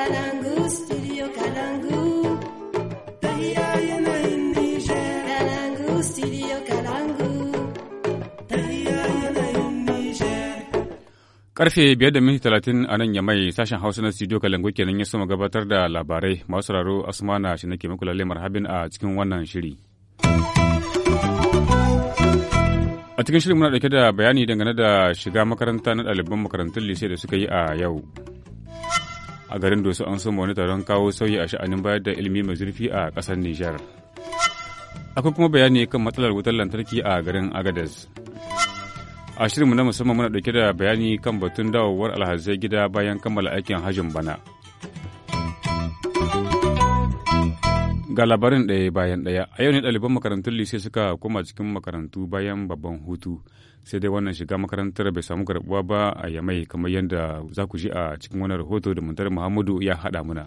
Kalangu, studio Karfe biyar da minti talatin a nan ya mai sashen Hausa na studio Kalangu kenan ya soma gabatar da labarai masu sauraro Asmana shi nake muku lalle marhabin a cikin wannan shiri. A cikin shirin muna dauke da bayani dangane da shiga makaranta na ɗaliban makarantun lise da suka yi a yau. a garin doso an soma wani taron kawo sauyi a sha'anin bayar da ilimi mai zurfi a ƙasar nijar akwai kuma bayani kan matsalar wutar lantarki a garin agadez a shirinmu na musamman muna ɗauke da bayani kan batun dawowar alhazai gida bayan kammala aikin hajjin bana ga labarin ɗaya bayan ɗaya a yau ne ɗaliban makarantun lise suka koma cikin makarantu bayan babban hutu sai dai wannan shiga makarantar bai samu karbuwa ba a yamai kamar yadda za ku ji a cikin wani rahoto da muntar muhammadu ya haɗa muna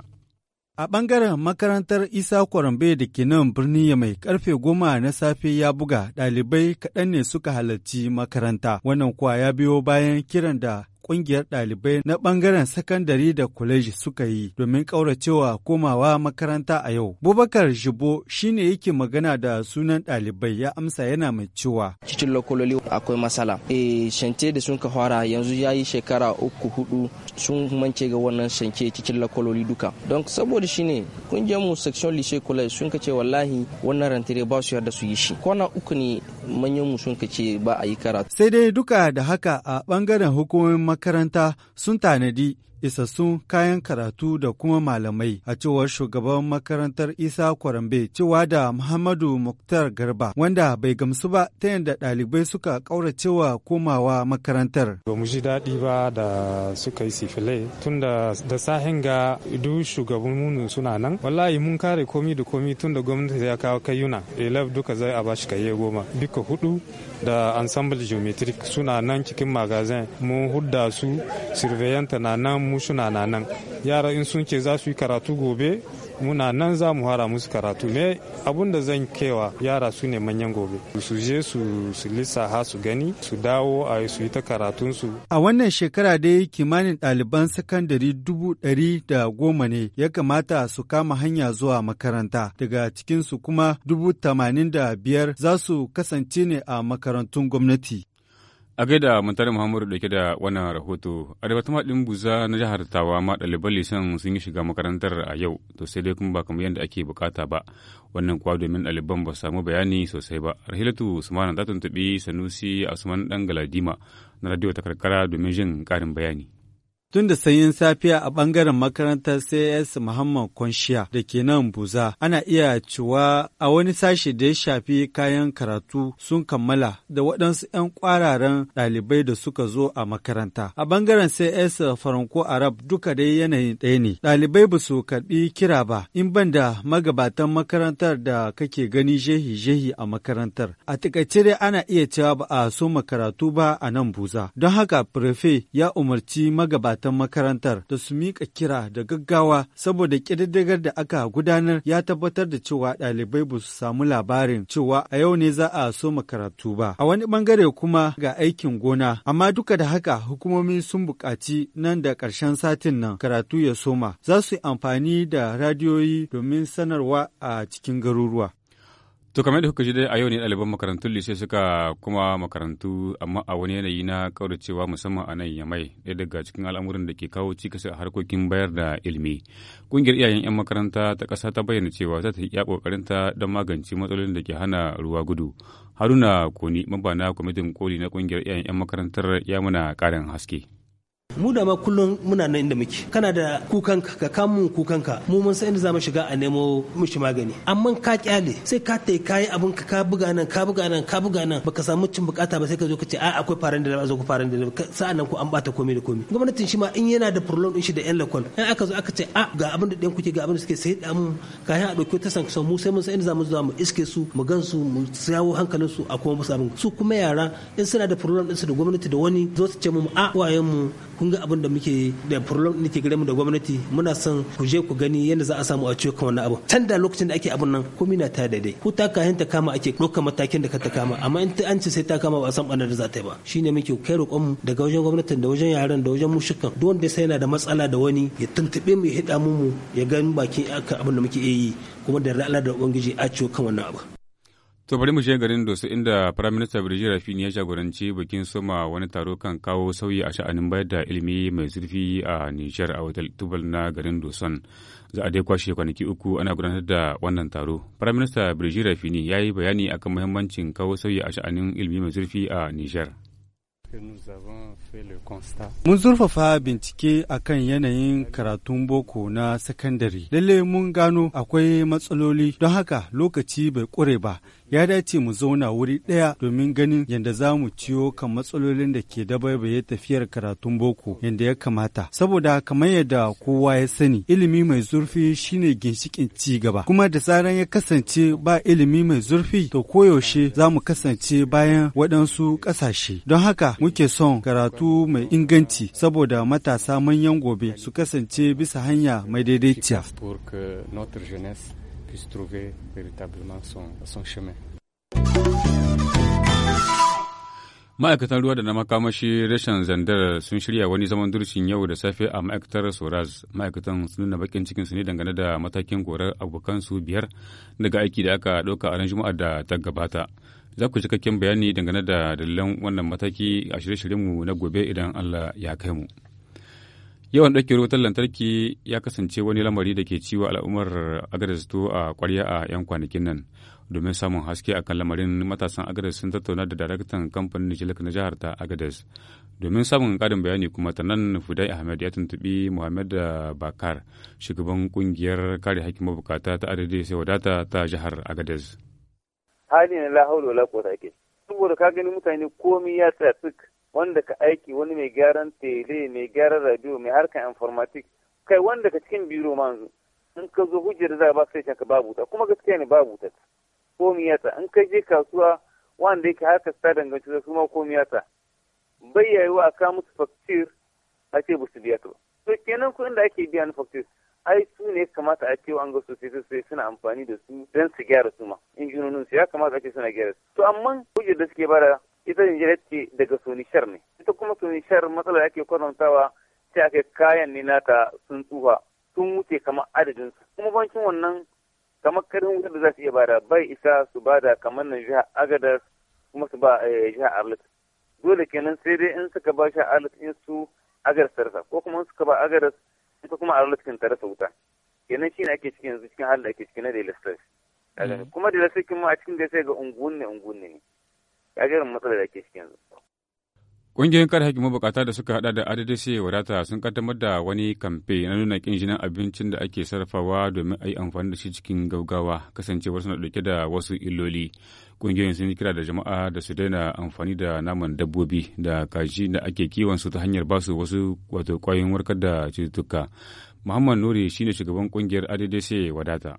A ɓangaren makarantar Isa Kwarambe da ke nan birni mai karfe goma na safe ya buga ɗalibai kaɗan ne suka halarci makaranta. Wannan kuwa ya biyo bayan kiran da ƙungiyar ɗalibai na ɓangaren sakandare da kwaleji suka yi domin ƙauracewa komawa makaranta a yau. Bubakar Jibo shi ne yake magana da sunan ɗalibai ya amsa yana mai cewa. Cikin lokololi akwai matsala. E, eh, shante da sun ka fara yanzu ya yi shekara uku hudu sun mance ga wannan shanke cikin lokololi duka. Don saboda shi shine kungiyar mu section lycée college sun ka ce wallahi wannan rantare ba su yarda su yi shi. Kwana uku ne manyan mu sun kace ba a yi karatu sai dai duka da haka a ɓangaren hukumomin makaranta sun tanadi isassun kayan karatu da kuma malamai a cewar shugaban makarantar isa kwarambe cewa da muhammadu muktar garba wanda bai gamsu ba ta yadda ɗalibai suka ƙauracewa komawa makarantar ba mu ji daɗi ba da suka yi sifile tun da sahin ga du shugabanmu suna nan wallahi mun kare komi da komi tun da gwamnati ya kawo kayuna elef duka zai a ba shi kaye goma duka hudu da ensemble geometric suna nan cikin magazin mun hudda su surveillanta na nan mu suna na nan yara in sun ce za su yi karatu gobe muna nan za mu hara musu karatu ne abun da zan kewa yara su ne manyan gobe su je su su ha su gani su dawo a su yi ta karatunsu a wannan shekara dai kimanin ɗaliban sakandare dubu ɗari da goma ne ya kamata su kama hanya zuwa makaranta daga cikinsu kuma dubu tamanin da biyar za su kasance ne a makarantun gwamnati A gaida mutane Muhammadu dauke da wannan rahoto, a da din buza na jihar Tawa ma ɗaliban lisan sun yi shiga makarantar a yau, to sai dai kuma ba kamar yadda ake bukata ba. Wannan kuwa domin ɗaliban ba samu bayani sosai ba. Rahilatu Sumana ta tuntuɓi Sanusi Asuman ɗan Galadima na radio ta karkara domin jin karin bayani. Tun da sanyin safiya a ɓangaren makarantar CS Muhammad Kwanshiya da ke nan Buza, ana iya cewa a wani sashe da ya shafi kayan karatu sun kammala da waɗansu 'yan ƙwararen ɗalibai da suka zo a makaranta. A ɓangaren CS Faranko Arab duka dai yanayin ɗaya ne. Ɗalibai ba su karɓi kira ba, in ban da magabatan makarantar da kake gani jehi-jehi a makarantar. A taƙaice dai ana iya cewa ba a so makaratu ba a nan Buza. Don haka Prefe ya umarci magabatan ma'aikatan makarantar da su miƙa kira da gaggawa saboda ƙididdigar da aka gudanar ya tabbatar da cewa ɗalibai ba su samu labarin cewa a yau ne za a so makarantu ba. A wani ɓangare kuma ga aikin gona, amma duka da haka hukumomi sun buƙaci nan da ƙarshen satin nan karatu ya soma za su yi amfani da radiyoyi domin sanarwa a cikin garuruwa. To kamar da kuka ji dai a yau ne ɗaliban makarantun lise suka kuma makarantu amma a wani yanayi na kauracewa musamman a nan ya mai ɗaya daga cikin al'amuran da ke kawo cikas a harkokin bayar da ilimi. Ƙungiyar iyayen 'yan makaranta ta ƙasa ta bayyana cewa za ta iya ƙoƙarinta don magance matsalolin da ke hana ruwa gudu. Haruna Koni mabana kwamitin koli na ƙungiyar iyayen 'yan makarantar ya muna ƙarin haske. mu da ma kullum muna nan inda muke kana da kukanka ka kukan kukanka mu mun san inda zamu shiga a nemo mishi magani amma ka kyale sai ka tai kai abin ka ka buga nan ka buga nan ka buga nan baka samu cin bukata ba sai ka zo ka ce a akwai faran da ba zo ku faran da sa'an nan ku an bata komai da komai gwamnatin shi ma in yana da problem din shi da yan lakon in aka zo aka ce a ga abin da ɗan kuke ga abin da suke sai da mu ka a dauki ta san mu sai mun san inda zamu zo mu iske su mu gan su mu jawo hankalin su a kuma musu abin su kuma yara in suna da problem din su da gwamnati da wani zo su ce mu a wayen mu kun ga abin da muke da problem nake gare mu da gwamnati muna son ku je ku gani yadda za a samu a ciwo wannan abu can da lokacin da ake abin nan ko na ta daidai ko ta kayan ta kama ake ɗaukar matakin da ka ta kama amma in ta ance sai ta kama ba a san ɓanar da za ta yi ba shine muke kai roƙon mu daga wajen gwamnatin da wajen yaran da wajen mushukan duk wanda sai yana da matsala da wani ya tuntuɓe mu ya hida mu ya gani bakin abin da muke yi kuma da ra'ala da ubangiji a ciwo kan wannan abu To bari mu je garin Dosu inda Firaminista Birji Rafini ya jagoranci bikin soma wani taro kan kawo sauyi a sha'anin bayar da ilimi mai zurfi a Nijar a wata tubal na garin Doson. Za a dai kwashe kwanaki uku ana gudanar da wannan taro. Firaminista Birji Rafini ya yi bayani akan muhimmancin kawo sauyi a sha'anin ilimi mai zurfi a Nijar. Mun zurfafa bincike a kan yanayin karatun boko na sakandare. Lalle mun gano akwai matsaloli don haka lokaci bai ƙure ba. Ya dace mu zauna wuri ɗaya domin ganin yadda za mu ciyo kan matsalolin da ke dabaibaye tafiyar karatun boko yadda ya kamata. Saboda kamar yadda kowa ya sani ilimi mai zurfi shine ginshikin ci gaba. Kuma da zaran ya kasance ba ilimi mai zurfi to koyaushe za mu kasance bayan waɗansu ƙasashe. Don haka muke son karatu mai inganci saboda matasa manyan gobe su kasance bisa hanya mai daidaiciya. Ma'aikatan ruwa da na makamashi rashin zandar sun shirya wani zaman durcin yau da safe a ma'aikatar Soraz. Ma'aikatan sun nuna bakin cikin su ne dangane da matakin gorar abokansu biyar daga aiki da aka ɗauka a ran Juma'ar da ta gabata. Za ku cikakken bayani dangane da dalilan wannan mataki a shirye mu na gobe idan Allah ya kai mu. Yawan ɗauke wutar lantarki ya kasance wani lamari da ke ciwo al'ummar agadas a kwarya a 'yan kwanakin nan. Domin samun haske a kan lamarin matasan agadas sun tattauna da daraktan kamfanin Nijilik na jihar ta agadas. domin samun ƙarin bayani kuma ta nan fudai ahmed ya tuntuɓi muhammad bakar shugaban ƙungiyar kare hakkin mabukata ta adadi sai wadata ta jihar agadez hali na lahaulu wala quwwata take saboda ka gani mutane komi ya tsaya wanda ka aiki wani mai gyaran tele mai gyaran radio mai harkar informatik kai wanda ka cikin biro ma yanzu in ka zo hujjar za ba sai ka babu ta kuma gaskiya ne babu ta komi ya ta in ka je kasuwa wanda yake harka sa danganci da kuma komi ya ta bai yayi wa aka musu faktir a ce ba su biya ta ba to kenan kuɗin da ake biya na faktir ai su ne kamata a cewa an ga sosai sosai suna amfani da su don su gyara su ma injinonin su ya kamata a suna gyara su to amma hujjar da suke bada ita injiniyar ce daga sonishar ne ita kuma sonishar matsala ake kwatantawa sai aka kayan ne nata sun tsufa sun wuce kamar adadin su kuma bankin wannan kamar karin wutar da za su iya bada bai isa su bada kamar na jihar agadas kuma su ba eh, jihar arlet dole kenan sai dai in suka ba jihar arlit in su agadas ko kuma in suka ba agadas ita kuma a cikin ta rasa wuta kenan shi ne ake cikin yanzu cikin halin ake cikin na daily stress mm. kuma daily stress kuma a cikin da sai ga unguwan ne unguwan ne ya ga matsalar da ake cikin yanzu Ƙungiyoyin kare haƙƙin mabukata da suka hada da adadisi wadata sun kaddamar da wani kamfe na nuna ƙin jinin abincin da ake sarrafawa domin a yi amfani da shi cikin gaugawa kasancewar suna ɗauke da wasu illoli. Ƙungiyoyin sun yi kira da jama'a da su daina amfani da naman dabbobi da kaji da ake kiwon su ta hanyar basu wasu wato ƙwayoyin warkar da cututtuka. Muhammad Nuri shine shugaban ƙungiyar adadisi wadata.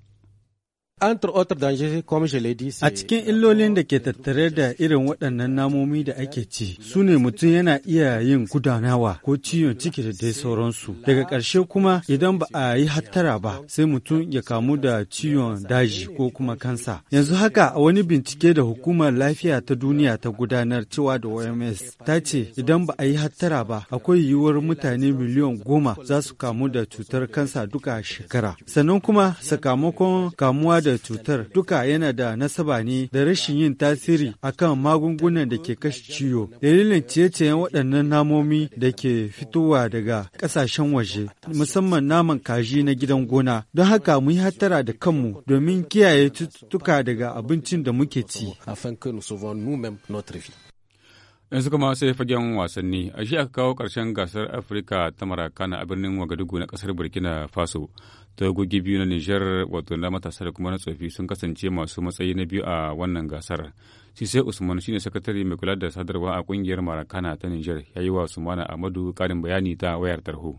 A cikin illolin da ke tattare da irin waɗannan namomi da ake ci, su ne mutum yana iya yin gudanawa ko ciwon ciki da dai sauransu. Daga ƙarshe kuma idan ba a yi hattara ba, sai mutum ya kamu da ciwon daji ko kuma kansa. Yanzu haka a wani bincike da Hukumar Lafiya ta Duniya ta gudanar cewa da OMS ta ce idan ba a yi hattara ba, akwai yiwuwar mutane miliyan goma za su kamu da cutar kansa duka shekara. Sannan kuma sakamakon kamuwa da cutar duka yana da nasaba ne da rashin yin tasiri a kan magungunan da ke kashe ciwo. Dalilin ciye-ciyen waɗannan namomi da ke fitowa daga ƙasashen waje, musamman naman kaji na gidan gona. Don haka mu yi hattara da kanmu domin kiyaye cututtuka daga abincin da muke ci. yanzu kuma sai fagen wasanni a shi aka kawo ƙarshen gasar afirka ta marakana a birnin wagadugu na ƙasar burkina faso tagogi biyu na nijar wato na matasa da kuma na tsofi sun kasance masu matsayi na biyu a wannan gasar sai usman shine sakatare mai kula da sadarwa a ƙungiyar marakana ta nijar ya yi wa sumana amadu ƙarin bayani ta wayar tarho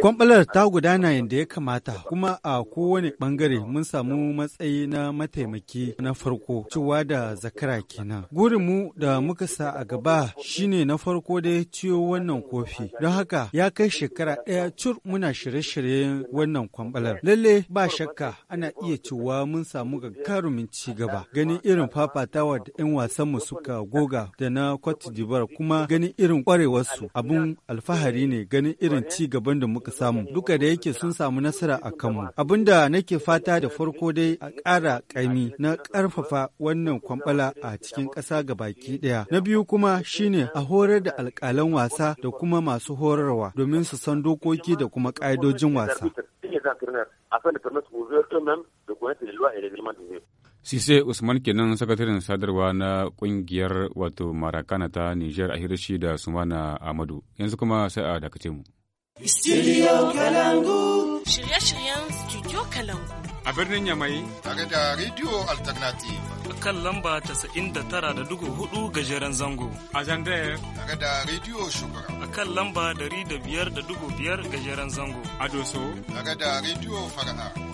Kwamɓalar ta gudana yadda ya kamata kuma a kowane ɓangare mun samu matsayi na mataimaki na farko cewa da zakara kenan. gurin mu da muka sa a gaba shine na farko da ya ciyo wannan kofi. Don haka ya kai shekara ɗaya cur muna shirye-shiryen wannan kwamɓalar. Lalle ba shakka ana iya cewa mun samu gagarumin ci gaba. Ganin irin fafatawa da 'yan wasan mu suka goga da na Cote d'Ivoire kuma ganin irin ƙwarewarsu abun alfahari ne ganin irin ci gaban da muka samu duka da yake sun samu nasara a kanmu abin da nake fata da farko dai a ƙara ƙaimi na ƙarfafa wannan kwambala a cikin ƙasa ga baki ɗaya na biyu kuma shine a horar da alƙalan wasa da kuma masu horarwa domin su san dokoki da kuma ƙa'idojin wasa Sise Usman kenan sakataren sadarwa na kungiyar wato Marakana ta niger a hirshi da Sumana Amadu. Yanzu kuma sai a dakace mu. Studio Kalangu. Shirye-shiryen Studio Kalangu. A birnin Yamai. Tare da Radio Alternative. A kan lamba tara da dugu hudu gajeren zango. A Zandaya. Tare da Radio Shugura. A kan lamba dari da da dugu biyar gajeren zango. A Doso. Tare da Radio Fara'a.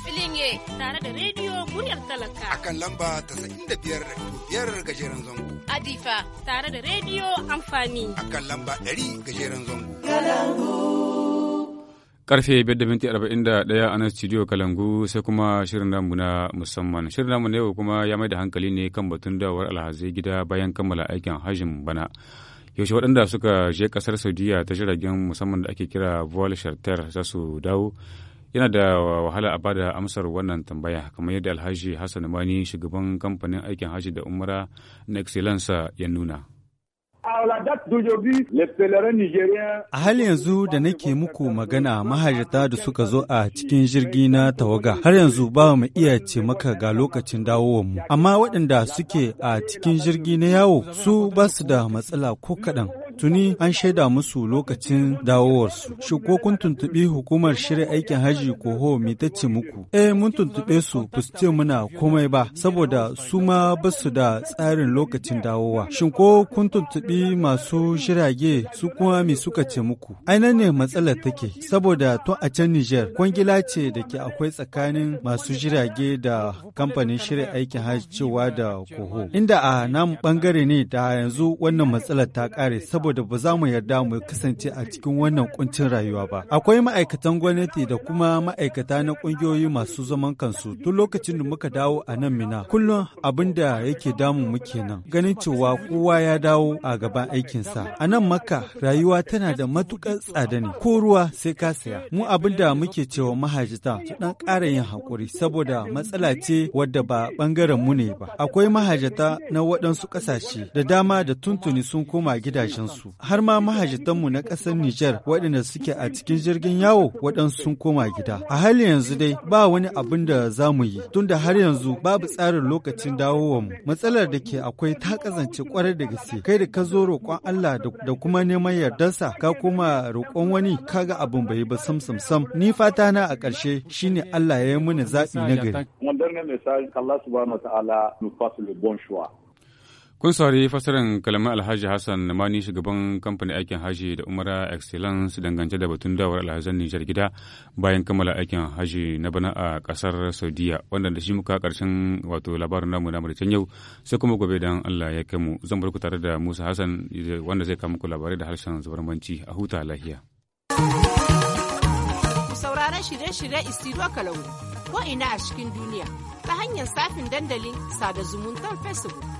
Filinge tare da rediyo muryar talaka. A kan lamba ta da biyar biyar gajeren zango. Adifa tare da rediyo amfani. A kan lamba ɗari gajeren zango. Kalangu. Karfe 5.41 a nan studio Kalangu sai kuma shirin namu na musamman. Shirin namu ne yau kuma ya mai da hankali ne kan batun dawar alhazai gida bayan kammala aikin hajjin bana. yaushe waɗanda suka je ƙasar saudiya ta jiragen musamman da ake kira voile charter za su dawo yana da wahala a bada amsar wannan tambaya kamar yadda alhaji hassan mani shugaban kamfanin aikin hajji da umara na excellence ya nuna A hal yanzu da nake muku magana mahajata da suka zo a cikin jirgi na tawaga har yanzu ba mu iya ce maka ga lokacin mu Amma waɗanda suke a cikin jirgi na yawo su ba su da matsala ko kaɗan. tuni an shaida musu lokacin dawowarsu. Shi ko kun tuntuɓi hukumar shirin aikin haji koho mai ta ce muku? Eh mun tuntuɓe su ba su ce muna komai ba saboda su ma ba su da tsarin lokacin dawowa. Shi ko kun tuntuɓi masu shirage su kuma mai suka ce muku? Aina ne matsalar take saboda tun a can Nijar kwangila ce da ke akwai tsakanin masu jirage da kamfanin shirin aikin hajji cewa da koho. Inda a nan bangare ne da yanzu wannan matsalar ta kare saboda saboda ba za mu yarda mu kasance a cikin wannan kuncin rayuwa ba. Akwai ma'aikatan gwamnati da kuma ma'aikata na ƙungiyoyi masu zaman kansu tun lokacin da muka dawo a nan mina. Kullum abin da yake damu muke nan. ganin cewa kowa ya dawo a gaban aikinsa. A nan maka rayuwa tana da matuƙar tsada ne ko ruwa sai ka saya. Mu abin da muke cewa mahajita su ɗan ƙara yin haƙuri saboda matsala ce wadda ba ɓangaren mu ne ba. Akwai mahajata na waɗansu ƙasashe da dama da tuntuni sun koma gidajensu. su. Har ma mahajitanmu na ƙasar Nijar waɗanda suke a cikin jirgin yawo waɗansu sun koma gida. A hali yanzu dai ba wani abin da za mu yi tunda har yanzu babu tsarin lokacin mu Matsalar da ke akwai ta kazance kwarai da gaske. Kai da ka zo roƙon Allah da kuma neman yardarsa ka kuma roƙon wani kaga abin bai ba sam sam sam. Ni fata na a ƙarshe shine Allah ya yi mini zaɓi na gari. Kun saurari fasarin kalamar Alhaji Hassan Namani shugaban kamfanin aikin haji da Umara Excellence dangance da batun dawar alhazan Nijar gida bayan kammala aikin haji na bana a kasar Saudiya wanda da shi muka karshen wato labarin namu na can yau sai kuma gobe dan Allah ya kai mu zan barku tare da Musa Hassan wanda zai kama muku labarai da harshen zubarmanci a huta lahiya. Sauraron shirye-shirye Istiro Kalau ko ina a cikin duniya ta hanyar safin dandalin sada zumuntar Facebook.